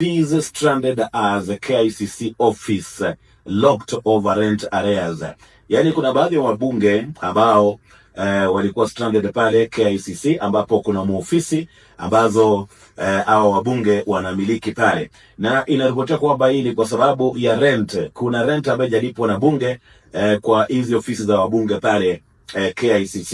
fees stranded as KICC office locked over rent areas. Yaani kuna baadhi ya wabunge ambao eh, walikuwa stranded pale KICC ambapo kuna muofisi ambazo eh, au wabunge wanamiliki pale, na inaripotia kwamba hii kwa sababu ya rent. Kuna rent ambayo jalipwa na bunge eh, kwa hizi ofisi za wabunge pale eh, KICC.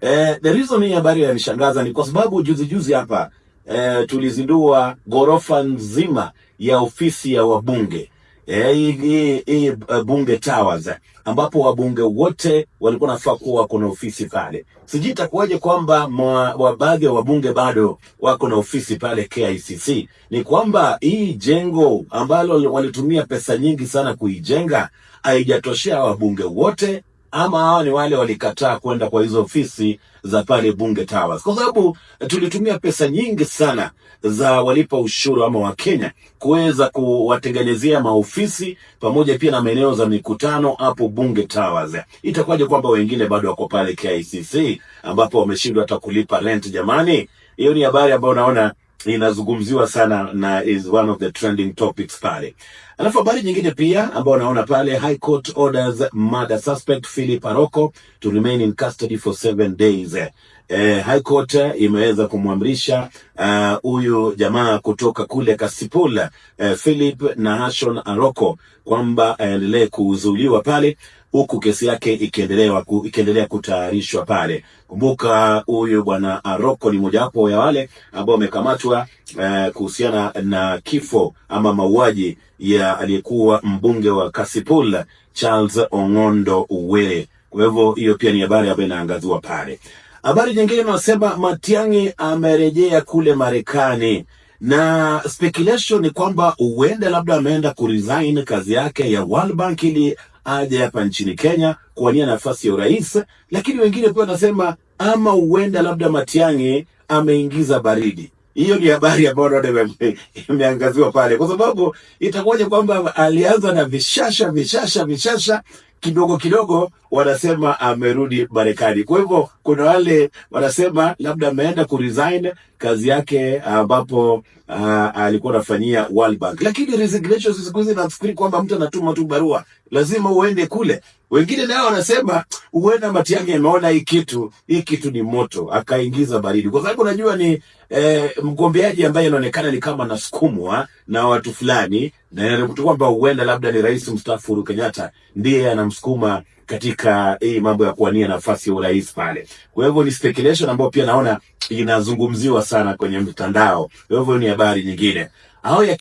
Eh, the reason hii habari yanishangaza ni kwa sababu juzi juzi hapa e, tulizindua ghorofa nzima ya ofisi ya wabunge eh, hii e, e, bunge towers ambapo wabunge wote walikuwa nafaa kuwa wako na ofisi pale. Sijui itakuwaje kwamba baadhi ya wabunge bado wako na ofisi pale KICC. Ni kwamba hii jengo ambalo walitumia pesa nyingi sana kuijenga haijatoshea wabunge wote ama hao ni wale walikataa kwenda kwa hizo ofisi za pale Bunge Towers, kwa sababu eh, tulitumia pesa nyingi sana za walipa ushuru ama wa kenya kuweza kuwatengenezea maofisi pamoja pia na maeneo za mikutano hapo Bunge Towers. Itakuwaje kwamba wengine bado wako pale KICC ambapo wameshindwa hata kulipa rent? Jamani, hiyo ni habari ambayo naona inazungumziwa sana na is one of the trending topics pale. Alafu habari nyingine pia ambayo naona pale, High Court orders murder suspect Philip Aroko to remain in custody for seven days eh, High Court imeweza kumwamrisha eh, huyu uh, jamaa kutoka kule Kasipula eh, Philip Nahashon Aroko kwamba aendelee kuzuiliwa pale huku kesi yake ikiendelea ku, ikiendelea kutayarishwa pale. Kumbuka huyu bwana Aroko ni mojawapo ya wale ambao wamekamatwa eh, kuhusiana na kifo ama mauaji ya aliyekuwa mbunge wa Kasipula Charles Ong'ondo Were. Kwa hivyo hiyo pia ni habari ambayo inaangaziwa pale. Habari nyingine inasema Matiang'i amerejea kule Marekani na speculation ni kwamba huenda labda ameenda kuresign kazi yake ya World Bank ili aje hapa nchini Kenya kuwania nafasi ya urais, lakini wengine pia wanasema ama huenda labda Matiang'i ameingiza baridi. Hiyo ni habari ambayo imeangaziwa pale, kwa sababu itakuwaje kwamba alianza na vishasha vishasha vishasha kidogo kidogo wanasema amerudi Marekani. Kwa hivyo kuna wale wanasema labda ameenda kuresign kazi yake ambapo ah, alikuwa anafanyia World Bank, lakini resignation siku hizi nafikiri kwamba mtu anatuma tu barua, lazima uende kule. Wengine nao wanasema huenda Matiang'i ameona hii kitu, hii kitu ni moto, akaingiza baridi, kwa sababu unajua ni e, mgombeaji ambaye anaonekana ni kama anasukumwa na watu fulani, na mtu kwamba huenda labda ni rais mstaafu Uhuru Kenyatta ndiye anamsukuma katika hii e, mambo ya kuwania nafasi ya urais pale. Kwa hivyo ni speculation ambayo pia naona inazungumziwa sana kwenye mtandao. Kwa hivyo ni habari nyingine au ya